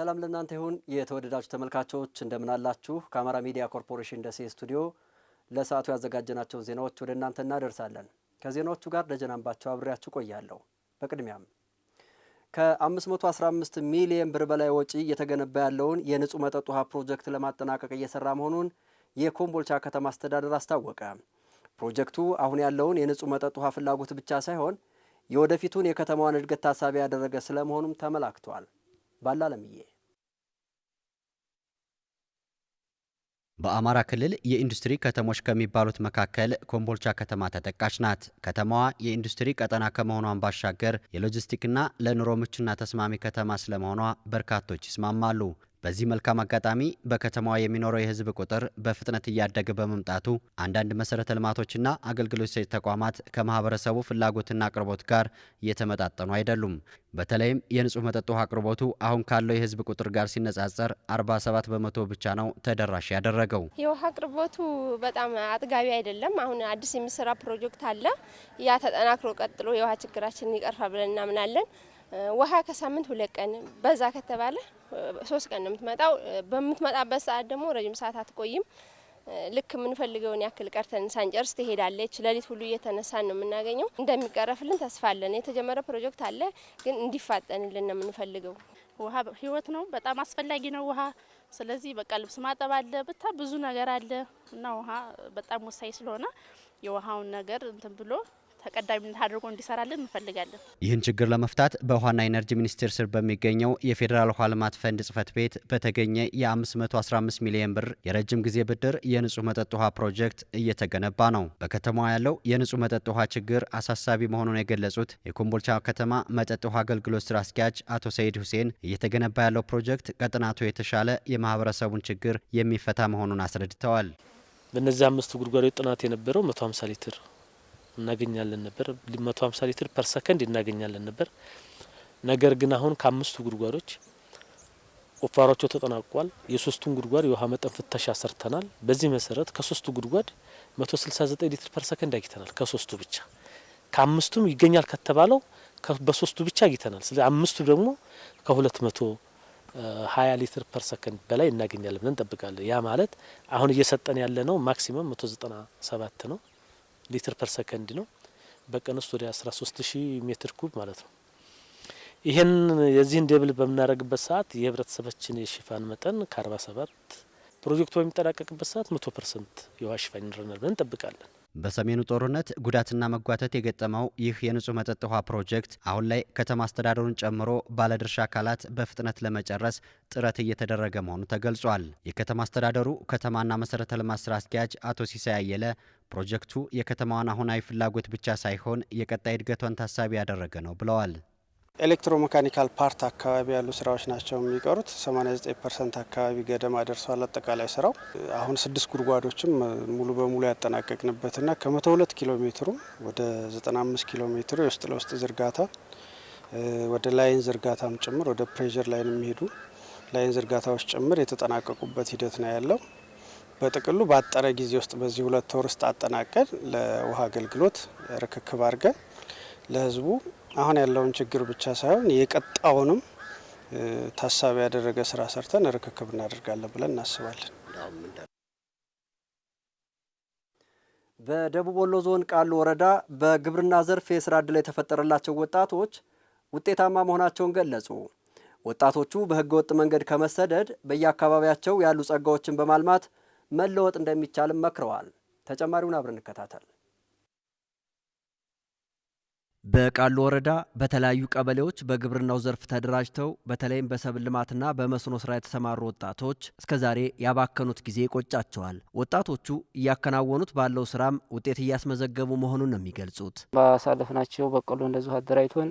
ሰላም ለእናንተ ይሁን የተወደዳችሁ ተመልካቾች፣ እንደምናላችሁ ከአማራ ሚዲያ ኮርፖሬሽን ደሴ ስቱዲዮ ለሰዓቱ ያዘጋጀናቸውን ዜናዎች ወደ እናንተ እናደርሳለን። ከዜናዎቹ ጋር ደጀናምባቸው አብሬያችሁ ቆያለሁ። በቅድሚያም ከ515 ሚሊየን ብር በላይ ወጪ እየተገነባ ያለውን የንጹህ መጠጥ ውሃ ፕሮጀክት ለማጠናቀቅ እየሰራ መሆኑን የኮምቦልቻ ከተማ አስተዳደር አስታወቀ። ፕሮጀክቱ አሁን ያለውን የንጹህ መጠጥ ውሃ ፍላጎት ብቻ ሳይሆን የወደፊቱን የከተማዋን እድገት ታሳቢ ያደረገ ስለመሆኑም ተመላክቷል። ባላለምዬ በአማራ ክልል የኢንዱስትሪ ከተሞች ከሚባሉት መካከል ኮምቦልቻ ከተማ ተጠቃሽ ናት። ከተማዋ የኢንዱስትሪ ቀጠና ከመሆኗን ባሻገር የሎጂስቲክና ለኑሮ ምቹና ተስማሚ ከተማ ስለመሆኗ በርካቶች ይስማማሉ። በዚህ መልካም አጋጣሚ በከተማዋ የሚኖረው የህዝብ ቁጥር በፍጥነት እያደገ በመምጣቱ አንዳንድ መሰረተ ልማቶችና አገልግሎት ሰጪ ተቋማት ከማህበረሰቡ ፍላጎትና አቅርቦት ጋር እየተመጣጠኑ አይደሉም። በተለይም የንጹህ መጠጥ ውሃ አቅርቦቱ አሁን ካለው የህዝብ ቁጥር ጋር ሲነጻጸር 47 በመቶ ብቻ ነው ተደራሽ ያደረገው። የውሃ አቅርቦቱ በጣም አጥጋቢ አይደለም። አሁን አዲስ የሚሰራ ፕሮጀክት አለ። ያ ተጠናክሮ ቀጥሎ የውሃ ችግራችንን ይቀርፋል ብለን እናምናለን። ውሃ ከሳምንት ሁለት ቀን በዛ ከተባለ ሶስት ቀን ነው የምትመጣው። በምትመጣበት ሰዓት ደግሞ ረጅም ሰዓት አትቆይም። ልክ የምንፈልገውን ያክል ቀርተን ሳንጨርስ ትሄዳለች። ሌሊት ሁሉ እየተነሳን ነው የምናገኘው። እንደሚቀረፍልን ተስፋ አለን። የተጀመረ ፕሮጀክት አለ፣ ግን እንዲፋጠንልን ነው የምንፈልገው። ውሃ ህይወት ነው፣ በጣም አስፈላጊ ነው ውሃ። ስለዚህ በቃ ልብስ ማጠብ አለ፣ ብታ ብዙ ነገር አለ እና ውሃ በጣም ወሳኝ ስለሆነ የውሃውን ነገር እንትን ብሎ ተቀዳሚነት አድርጎ እንዲሰራልን እንፈልጋለን። ይህን ችግር ለመፍታት በውሃና ኢነርጂ ሚኒስቴር ስር በሚገኘው የፌዴራል ውሃ ልማት ፈንድ ጽህፈት ቤት በተገኘ የ515 ሚሊዮን ብር የረጅም ጊዜ ብድር የንጹህ መጠጥ ውሃ ፕሮጀክት እየተገነባ ነው። በከተማዋ ያለው የንጹህ መጠጥ ውሃ ችግር አሳሳቢ መሆኑን የገለጹት የኮምቦልቻ ከተማ መጠጥ ውሃ አገልግሎት ስራ አስኪያጅ አቶ ሰይድ ሁሴን እየተገነባ ያለው ፕሮጀክት ከጥናቱ የተሻለ የማህበረሰቡን ችግር የሚፈታ መሆኑን አስረድተዋል። በእነዚህ አምስቱ ጉድጓዶች ጥናት የነበረው መቶ ሊትር እናገኛለን ነበር። መቶ ሀምሳ ሊትር ፐር ሰከንድ እናገኛለን ነበር። ነገር ግን አሁን ከአምስቱ ጉድጓዶች ቁፋሯቸው ተጠናቋል። የሶስቱን ጉድጓድ የውሃ መጠን ፍተሻ ሰርተናል። በዚህ መሰረት ከሶስቱ ጉድጓድ 169 ሊትር ፐር ሰከንድ አግኝተናል። ከሶስቱ ብቻ ከአምስቱም ይገኛል ከተባለው በሶስቱ ብቻ አግኝተናል። ስለዚህ አምስቱ ደግሞ ከ220 ሊትር ፐር ሰከንድ በላይ እናገኛለን ብለን እንጠብቃለን። ያ ማለት አሁን እየሰጠን ያለ ነው ማክሲመም 197 ነው። ሊትር ፐር ሰከንድ ነው። በቀን ውስጥ ወደ 13000 ሜትር ኩብ ማለት ነው። ይህን የዚህን ደብል በምናደርግበት ሰዓት የህብረተሰባችን የሽፋን መጠን ከ47 ፕሮጀክቱ በሚጠናቀቅበት ሰዓት መቶ ፐርሰንት የውሃ ሽፋን ይኖረናል ብለን እንጠብቃለን። በሰሜኑ ጦርነት ጉዳትና መጓተት የገጠመው ይህ የንጹህ መጠጥ ውሃ ፕሮጀክት አሁን ላይ ከተማ አስተዳደሩን ጨምሮ ባለድርሻ አካላት በፍጥነት ለመጨረስ ጥረት እየተደረገ መሆኑ ተገልጿል። የከተማ አስተዳደሩ ከተማና መሰረተ ልማት ስራ አስኪያጅ አቶ ሲሳይ አየለ ፕሮጀክቱ የከተማዋን አሁናዊ ፍላጎት ብቻ ሳይሆን የቀጣይ እድገቷን ታሳቢ ያደረገ ነው ብለዋል። ኤሌክትሮሜካኒካል ፓርት አካባቢ ያሉ ስራዎች ናቸው የሚቀሩት። 89 ፐርሰንት አካባቢ ገደማ ደርሷል አጠቃላይ ስራው። አሁን ስድስት ጉድጓዶችም ሙሉ በሙሉ ያጠናቀቅንበትና ከ102 ኪሎ ሜትሩ ወደ 95 ኪሎ ሜትሩ የውስጥ ለውስጥ ዝርጋታ ወደ ላይን ዝርጋታም ጭምር ወደ ፕሬር ላይን የሚሄዱ ላይን ዝርጋታዎች ጭምር የተጠናቀቁበት ሂደት ነው ያለው። በጥቅሉ በአጠረ ጊዜ ውስጥ በዚህ ሁለት ወር ውስጥ አጠናቀን ለውሃ አገልግሎት ርክክብ አድርገን ለህዝቡ አሁን ያለውን ችግር ብቻ ሳይሆን የቀጣውንም ታሳቢ ያደረገ ስራ ሰርተን ርክክብ እናደርጋለን ብለን እናስባለን። በደቡብ ወሎ ዞን ቃሉ ወረዳ በግብርና ዘርፍ የስራ ዕድል የተፈጠረላቸው ወጣቶች ውጤታማ መሆናቸውን ገለጹ። ወጣቶቹ በህገወጥ መንገድ ከመሰደድ በየአካባቢያቸው ያሉ ጸጋዎችን በማልማት መለወጥ እንደሚቻልም መክረዋል። ተጨማሪውን አብረን እንከታተል። በቃሉ ወረዳ በተለያዩ ቀበሌዎች በግብርናው ዘርፍ ተደራጅተው በተለይም በሰብል ልማትና በመስኖ ስራ የተሰማሩ ወጣቶች እስከዛሬ ያባከኑት ጊዜ ይቆጫቸዋል። ወጣቶቹ እያከናወኑት ባለው ስራም ውጤት እያስመዘገቡ መሆኑን ነው የሚገልጹት። ባሳለፍናቸው በቆሎ እንደዚሁ አደራጅቶን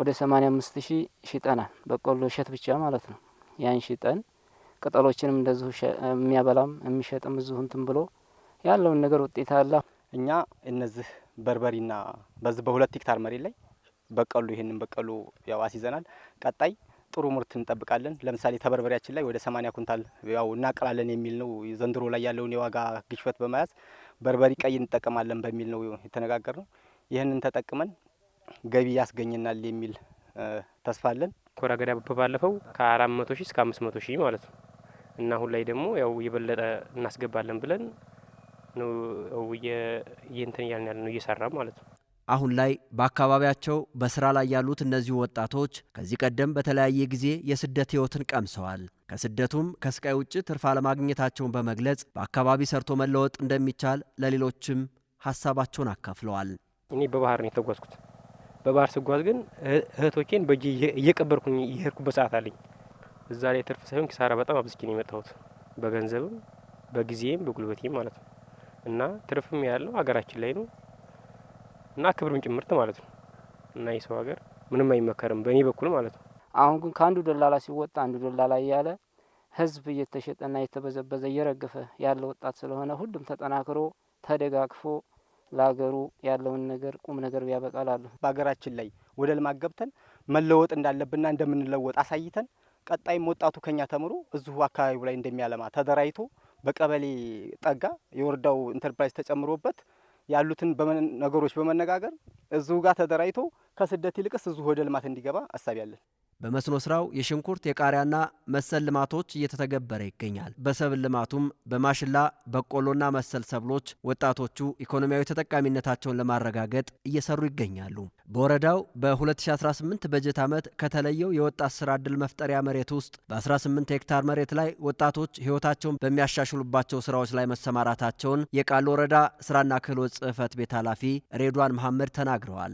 ወደ 85 ሺህ ሽጠናል። በቆሎ እሸት ብቻ ማለት ነው። ያን ሽጠን ቅጠሎችንም እንደዚሁ የሚያበላም የሚሸጥም እዚሁ እንትን ብሎ ያለውን ነገር ውጤት አላ እኛ እነዚህ በርበሬና በዚህ በሁለት ሄክታር መሬት ላይ በቀሉ ይህንን በቀሉ ያው አስይዘናል። ቀጣይ ጥሩ ምርት እንጠብቃለን። ለምሳሌ ተበርበሬያችን ላይ ወደ 80 ኩንታል ያው እናቀላለን የሚል ነው። ዘንድሮ ላይ ያለውን የዋጋ ግሽበት በመያዝ በርበሪ ቀይ እንጠቀማለን በሚል ነው የተነጋገር ነው። ይህንን ተጠቅመን ገቢ ያስገኘናል የሚል ተስፋ አለን። ኮራ ገዳ ባለፈው ከ400 ሺህ እስከ 500 ሺህ ማለት ነው እና አሁን ላይ ደግሞ ያው የበለጠ እናስገባለን ብለን ነው እንትን እያልን ያለ ነው እየሰራ ማለት ነው። አሁን ላይ በአካባቢያቸው በስራ ላይ ያሉት እነዚሁ ወጣቶች ከዚህ ቀደም በተለያየ ጊዜ የስደት ህይወትን ቀምሰዋል። ከስደቱም ከስቃይ ውጭ ትርፍ አለማግኘታቸውን በመግለጽ በአካባቢ ሰርቶ መለወጥ እንደሚቻል ለሌሎችም ሀሳባቸውን አካፍለዋል። እኔ በባህር ነው የተጓዝኩት። በባህር ስጓዝ ግን እህቶቼን በእጅ እየቀበርኩኝ የሄድኩበት ሰዓት አለኝ። እዛ ላይ ትርፍ ሳይሆን ኪሳራ በጣም አብዝቼ ነው የመጣሁት፣ በገንዘብም በጊዜም በጉልበቴም ማለት ነው። እና ትርፍም ያለው ሀገራችን ላይ ነው እና ክብርም ጭምርት ማለት ነው እና የሰው ሀገር ምንም አይመከርም በእኔ በኩል ማለት ነው። አሁን ግን ከአንዱ ደላላ ሲወጣ አንዱ ደላላ እያለ ህዝብ እየተሸጠና እየተበዘበዘ እየረገፈ ያለ ወጣት ስለሆነ ሁሉም ተጠናክሮ ተደጋግፎ ለሀገሩ ያለውን ነገር ቁም ነገር ያበቃላሉ። በሀገራችን ላይ ወደ ልማት ገብተን መለወጥ እንዳለብንና እንደምንለወጥ አሳይተን ቀጣይም ወጣቱ ከኛ ተምሮ እዚሁ አካባቢው ላይ እንደሚያለማ ተደራጅቶ በቀበሌ ጠጋ የወረዳው ኢንተርፕራይዝ ተጨምሮበት ያሉትን ነገሮች በመነጋገር እዚሁ ጋር ተደራጅቶ ከስደት ይልቅስ እዚሁ ወደ ልማት እንዲገባ አሳቢ ያለን። በመስኖ ስራው የሽንኩርት የቃሪያና መሰል ልማቶች እየተተገበረ ይገኛል። በሰብል ልማቱም በማሽላ በቆሎና መሰል ሰብሎች ወጣቶቹ ኢኮኖሚያዊ ተጠቃሚነታቸውን ለማረጋገጥ እየሰሩ ይገኛሉ። በወረዳው በ2018 በጀት ዓመት ከተለየው የወጣት ስራ ዕድል መፍጠሪያ መሬት ውስጥ በ18 ሄክታር መሬት ላይ ወጣቶች ሕይወታቸውን በሚያሻሽሉባቸው ስራዎች ላይ መሰማራታቸውን የቃሉ ወረዳ ስራና ክህሎት ጽህፈት ቤት ኃላፊ ሬድዋን መሐመድ ተናግረዋል። ተናግረዋል።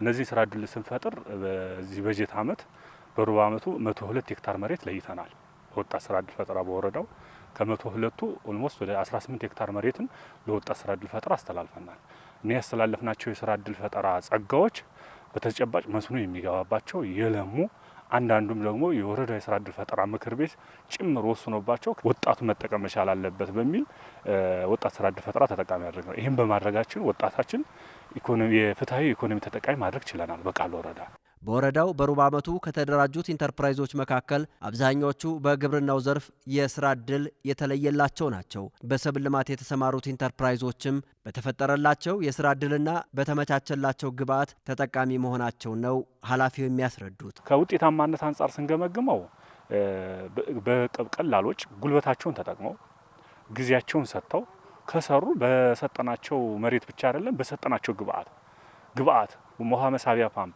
እነዚህ ስራ እድል ስንፈጥር በዚህ በጀት አመት በሩብ አመቱ መቶ ሁለት ሄክታር መሬት ለይተናል። ወጣት ስራ እድል ፈጠራ በወረዳው ከመቶ ሁለቱ ኦልሞስት ወደ 18 ሄክታር መሬትን ለወጣት ስራ እድል ፈጠራ አስተላልፈናል። እኔ ያስተላለፍናቸው የስራ እድል ፈጠራ ጸጋዎች በተጨባጭ መስኖ የሚገባባቸው የለሙ አንዳንዱም ደግሞ የወረዳ የስራ እድል ፈጠራ ምክር ቤት ጭምር ወስኖባቸው ወጣቱ መጠቀም መቻል አለበት በሚል ወጣት ስራ እድል ፈጠራ ተጠቃሚ ያደርግ ነው። ይህም በማድረጋችን ወጣታችን የፍትሐዊ ኢኮኖሚ ተጠቃሚ ማድረግ ችለናል በቃል ወረዳ በወረዳው በሩብ ዓመቱ ከተደራጁት ኢንተርፕራይዞች መካከል አብዛኛዎቹ በግብርናው ዘርፍ የስራ ዕድል የተለየላቸው ናቸው። በሰብል ልማት የተሰማሩት ኢንተርፕራይዞችም በተፈጠረላቸው የስራ ዕድልና በተመቻቸላቸው ግብዓት ተጠቃሚ መሆናቸው ነው ኃላፊው የሚያስረዱት። ከውጤታማነት አንጻር ስንገመግመው በቀላሎች ጉልበታቸውን ተጠቅመው ጊዜያቸውን ሰጥተው ከሰሩ በሰጠናቸው መሬት ብቻ አይደለም፣ በሰጠናቸው ግብዓት ግብዓት ውሃ መሳቢያ ፓምፕ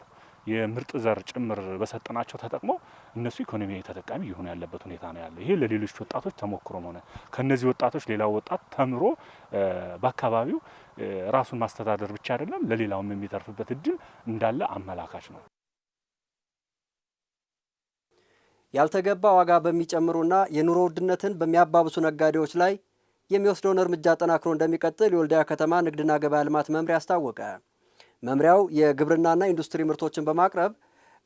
የምርጥ ዘር ጭምር በሰጠናቸው ተጠቅመው እነሱ ኢኮኖሚያዊ ተጠቃሚ እየሆኑ ያለበት ሁኔታ ነው ያለው። ይሄ ለሌሎች ወጣቶች ተሞክሮም ሆነ ከነዚህ ወጣቶች ሌላው ወጣት ተምሮ በአካባቢው ራሱን ማስተዳደር ብቻ አይደለም ለሌላውም የሚተርፍበት እድል እንዳለ አመላካች ነው። ያልተገባ ዋጋ በሚጨምሩና የኑሮ ውድነትን በሚያባብሱ ነጋዴዎች ላይ የሚወስደውን እርምጃ ጠናክሮ እንደሚቀጥል የወልዲያ ከተማ ንግድና ገበያ ልማት መምሪያ አስታወቀ። መምሪያው የግብርናና ኢንዱስትሪ ምርቶችን በማቅረብ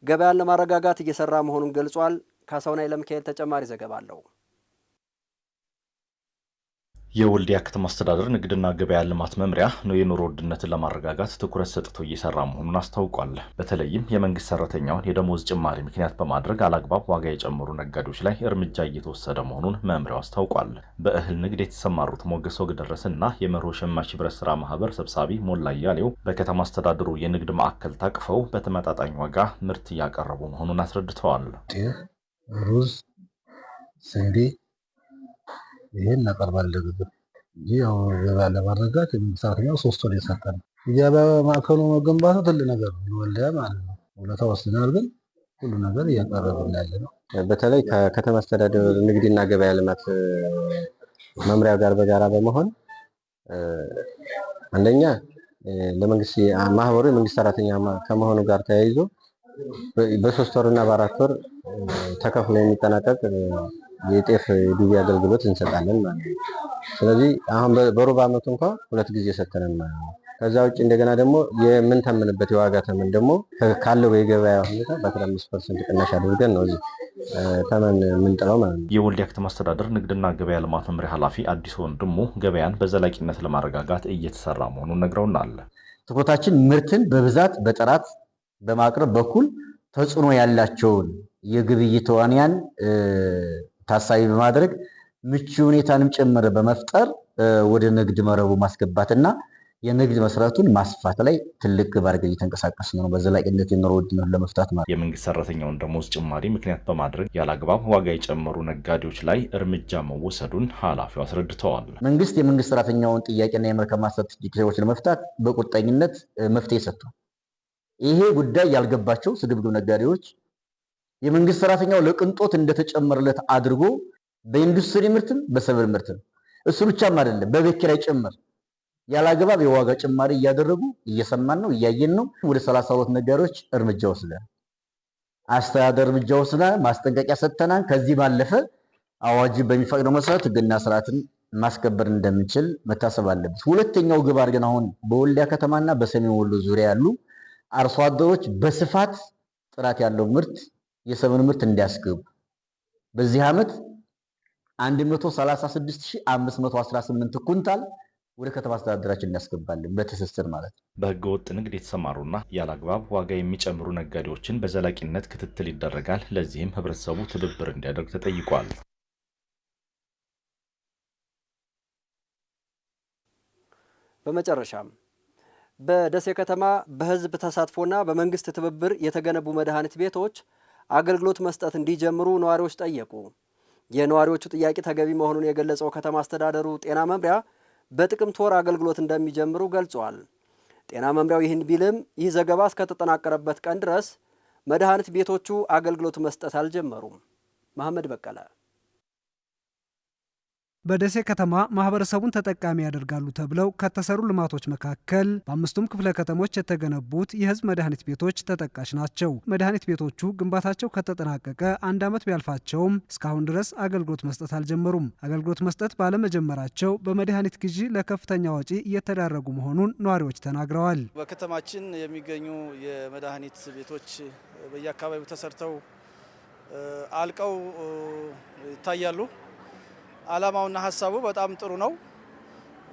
ገበያን ለማረጋጋት እየሰራ መሆኑን ገልጿል። ካሳሁን ኃይለሚካኤል ተጨማሪ ዘገባ አለው። የወልዲያ ከተማ አስተዳደር ንግድና ገበያ ልማት መምሪያ ነው የኑሮ ውድነትን ለማረጋጋት ትኩረት ሰጥቶ እየሰራ መሆኑን አስታውቋል። በተለይም የመንግስት ሰራተኛውን የደሞዝ ጭማሪ ምክንያት በማድረግ አላግባብ ዋጋ የጨመሩ ነጋዴዎች ላይ እርምጃ እየተወሰደ መሆኑን መምሪያው አስታውቋል። በእህል ንግድ የተሰማሩት ሞገስ ወግደረስ እና የመርሆ ሸማች ህብረት ስራ ማህበር ሰብሳቢ ሞላ እያሌው በከተማ አስተዳደሩ የንግድ ማዕከል ታቅፈው በተመጣጣኝ ዋጋ ምርት እያቀረቡ መሆኑን አስረድተዋል። ሩዝ፣ ስንዴ ይሄን እናቀርባለን እንጂ ያው ለማረጋት ነው። ሶስት ወር የሰጠ ነው። እያባ ማዕከሉ መገንባቱ ትልቅ ነገር ነው፣ ወልዲያ ማለት ነው። ሁለታ ወስድናል፣ ግን ሁሉ ነገር እያቀረብን ያለ ነው። በተለይ ከከተማ አስተዳደር ንግድና ገበያ ልማት መምሪያው ጋር በጋራ በመሆን አንደኛ ለመንግስት ማህበሩ የመንግስት ሰራተኛ ከመሆኑ ጋር ተያይዞ በሶስት ወር እና በአራት ወር ተከፍሎ የሚጠናቀቅ የጤፍ ዱቤ አገልግሎት እንሰጣለን ማለት ነው። ስለዚህ አሁን በሩብ ዓመቱ እንኳ ሁለት ጊዜ ሰተነን ማለት ነው። ከዛ ውጭ እንደገና ደግሞ የምንተምንበት የዋጋ ተመን ደግሞ ካለው የገበያ ሁኔታ በ15 ፐርሰንት ቅናሽ አድርገን ነው እዚህ ተመን የምንጥለው ማለት ነው። የወልዲያ ከተማ አስተዳደር ንግድና ገበያ ልማት መምሪያ ኃላፊ አዲስ ወንድሙ ገበያን በዘላቂነት ለማረጋጋት እየተሰራ መሆኑን ነግረውናል። ትኩረታችን ምርትን በብዛት በጥራት በማቅረብ በኩል ተጽዕኖ ያላቸውን የግብይት ተዋንያን ታሳቢ በማድረግ ምቹ ሁኔታንም ጭምር በመፍጠር ወደ ንግድ መረቡ ማስገባትና የንግድ መሰረቱን ማስፋት ላይ ትልቅ ግብ አድርገን እየተንቀሳቀስ ነው። በዘላቂነት የኑሮ ውድነት ለመፍታት ማለት የመንግስት ሰራተኛውን ደሞዝ ጭማሪ ምክንያት በማድረግ ያለአግባብ ዋጋ የጨመሩ ነጋዴዎች ላይ እርምጃ መወሰዱን ኃላፊው አስረድተዋል። መንግስት የመንግስት ሰራተኛውን ጥያቄና የመልካም አስተዳደር ችግሮችን ለመፍታት በቁርጠኝነት መፍትሄ ሰጥቷል። ይሄ ጉዳይ ያልገባቸው ስግብግብ ነጋዴዎች የመንግስት ሰራተኛው ለቅንጦት እንደተጨመረለት አድርጎ በኢንዱስትሪ ምርትም በሰብል ምርትም እሱ ብቻም አይደለም፣ በቤት ኪራይ ጭምር ያላግባብ የዋጋ ጭማሪ እያደረጉ እየሰማን ነው፣ እያየን ነው። ወደ ሰላሳ ሁለት ነጋዴዎች እርምጃ ወስደን አስተዳደር እርምጃ ወስደን ማስጠንቀቂያ ሰጥተናል። ከዚህ ባለፈ አዋጅ በሚፈቅደው መሰረት ህግና ስርዓትን ማስከበር እንደምንችል መታሰብ አለበት። ሁለተኛው ግብ ግን አሁን በወልዲያ ከተማና በሰሜን ወሎ ዙሪያ ያሉ አርሶ አደሮች በስፋት ጥራት ያለው ምርት የሰብል ምርት እንዲያስገቡ በዚህ ዓመት 136518 ኩንታል ወደ ከተማ አስተዳደራችን እናስገባለን በትስስር ማለት ነው። በህገ ወጥ ንግድ የተሰማሩና ያለአግባብ ዋጋ የሚጨምሩ ነጋዴዎችን በዘላቂነት ክትትል ይደረጋል። ለዚህም ህብረተሰቡ ትብብር እንዲያደርግ ተጠይቋል። በመጨረሻም በደሴ ከተማ በህዝብ ተሳትፎና በመንግስት ትብብር የተገነቡ መድኃኒት ቤቶች አገልግሎት መስጠት እንዲጀምሩ ነዋሪዎች ጠየቁ። የነዋሪዎቹ ጥያቄ ተገቢ መሆኑን የገለጸው ከተማ አስተዳደሩ ጤና መምሪያ በጥቅምት ወር አገልግሎት እንደሚጀምሩ ገልጿል። ጤና መምሪያው ይህን ቢልም ይህ ዘገባ እስከተጠናቀረበት ቀን ድረስ መድኃኒት ቤቶቹ አገልግሎት መስጠት አልጀመሩም። መሐመድ በቀለ በደሴ ከተማ ማህበረሰቡን ተጠቃሚ ያደርጋሉ ተብለው ከተሰሩ ልማቶች መካከል በአምስቱም ክፍለ ከተሞች የተገነቡት የህዝብ መድኃኒት ቤቶች ተጠቃሽ ናቸው። መድኃኒት ቤቶቹ ግንባታቸው ከተጠናቀቀ አንድ ዓመት ቢያልፋቸውም እስካሁን ድረስ አገልግሎት መስጠት አልጀመሩም። አገልግሎት መስጠት ባለመጀመራቸው በመድኃኒት ግዢ ለከፍተኛ ወጪ እየተዳረጉ መሆኑን ነዋሪዎች ተናግረዋል። በከተማችን የሚገኙ የመድኃኒት ቤቶች በየአካባቢው ተሰርተው አልቀው ይታያሉ። አላማውና ሀሳቡ በጣም ጥሩ ነው።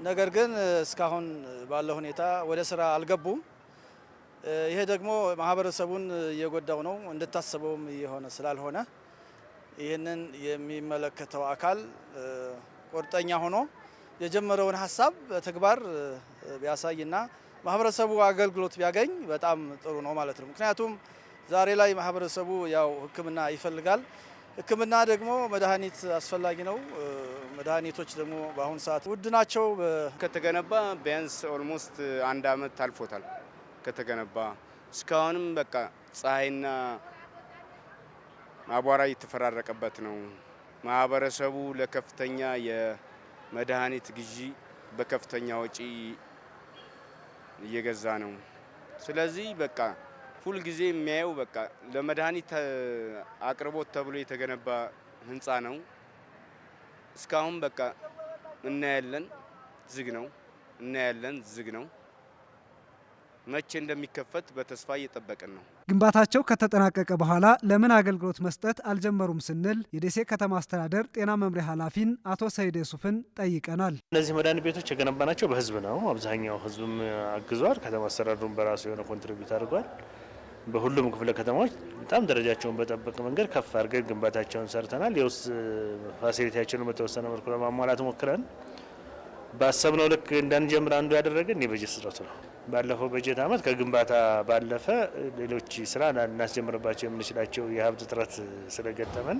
ነገር ግን እስካሁን ባለው ሁኔታ ወደ ስራ አልገቡም። ይሄ ደግሞ ማህበረሰቡን እየጎዳው ነው፣ እንድታስበውም እየሆነ ስላልሆነ ይህንን የሚመለከተው አካል ቁርጠኛ ሆኖ የጀመረውን ሀሳብ በተግባር ቢያሳይና ማህበረሰቡ አገልግሎት ቢያገኝ በጣም ጥሩ ነው ማለት ነው። ምክንያቱም ዛሬ ላይ ማህበረሰቡ ያው ሕክምና ይፈልጋል። ሕክምና ደግሞ መድኃኒት አስፈላጊ ነው። መድኃኒቶች ደግሞ በአሁኑ ሰዓት ውድ ናቸው። ከተገነባ ቢያንስ ኦልሞስት አንድ አመት አልፎታል ከተገነባ እስካሁንም በቃ ፀሐይና አቧራ እየተፈራረቀበት ነው። ማህበረሰቡ ለከፍተኛ የመድኃኒት ግዢ በከፍተኛ ወጪ እየገዛ ነው። ስለዚህ በቃ ሁልጊዜ የሚያየው በቃ ለመድኃኒት አቅርቦት ተብሎ የተገነባ ህንፃ ነው። እስካሁን በቃ እናያለን፣ ዝግ ነው፣ እናያለን፣ ዝግ ነው። መቼ እንደሚከፈት በተስፋ እየጠበቅን ነው። ግንባታቸው ከተጠናቀቀ በኋላ ለምን አገልግሎት መስጠት አልጀመሩም ስንል የደሴ ከተማ አስተዳደር ጤና መምሪያ ኃላፊን አቶ ሰይድ ሱፍን ጠይቀናል። እነዚህ መድኃኒት ቤቶች የገነባናቸው በህዝብ ነው። አብዛኛው ህዝብም አግዟል። ከተማ አስተዳደሩም በራሱ የሆነ ኮንትሪቢዩት አድርጓል። በሁሉም ክፍለ ከተማዎች በጣም ደረጃቸውን በጠበቀ መንገድ ከፍ አድርገን ግንባታቸውን ሰርተናል። የውስጥ ፋሲሊቲያችንን በተወሰነ መልኩ ለማሟላት ሞክረን ባሰብነው ልክ እንዳንጀምር አንዱ ያደረገን የበጀት ስረቱ ነው። ባለፈው በጀት ዓመት ከግንባታ ባለፈ ሌሎች ስራ እናስጀምርባቸው የምንችላቸው የሀብት እጥረት ስለገጠመን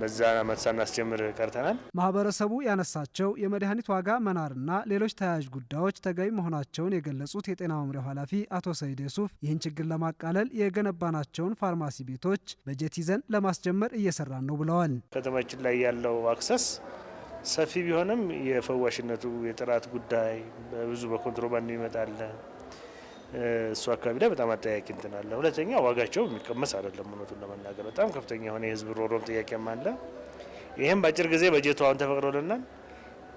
በዛ ዓመት ሳናስጀምር ቀርተናል። ማህበረሰቡ ያነሳቸው የመድኃኒት ዋጋ መናርና ሌሎች ተያያዥ ጉዳዮች ተገቢ መሆናቸውን የገለጹት የጤና መምሪያው ኃላፊ አቶ ሰይድ ሱፍ ይህን ችግር ለማቃለል የገነባናቸውን ፋርማሲ ቤቶች በጀት ይዘን ለማስጀመር እየሰራን ነው ብለዋል። ከተማችን ላይ ያለው አክሰስ ሰፊ ቢሆንም የፈዋሽነቱ የጥራት ጉዳይ ብዙ በኮንትሮባንድ ይመጣል። እሱ አካባቢ ላይ በጣም አጠያቂ እንትን አለ። ሁለተኛ ዋጋቸው የሚቀመስ አይደለም። እውነቱን ለመናገር በጣም ከፍተኛ የሆነ የህዝብ ሮሮም ጥያቄም አለ። ይህም በአጭር ጊዜ በጀቱ አሁን ተፈቅዶልናል።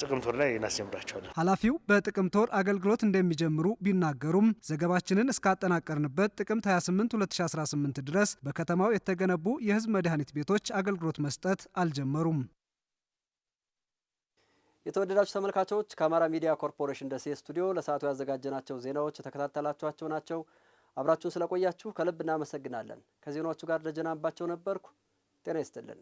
ጥቅምት ወር ላይ እናስጀምራቸዋለን። ኃላፊው በጥቅምት ወር አገልግሎት እንደሚጀምሩ ቢናገሩም ዘገባችንን እስካጠናቀርንበት ጥቅምት 28 2018 ድረስ በከተማው የተገነቡ የህዝብ መድኃኒት ቤቶች አገልግሎት መስጠት አልጀመሩም። የተወደዳችሁ ተመልካቾች ከአማራ ሚዲያ ኮርፖሬሽን ደሴ ስቱዲዮ ለሰዓቱ ያዘጋጀናቸው ዜናዎች የተከታተላችኋቸው ናቸው። አብራችሁን ስለቆያችሁ ከልብ እናመሰግናለን። ከዜናዎቹ ጋር ደጀን ነበርኩ። ጤና ይስጥልን።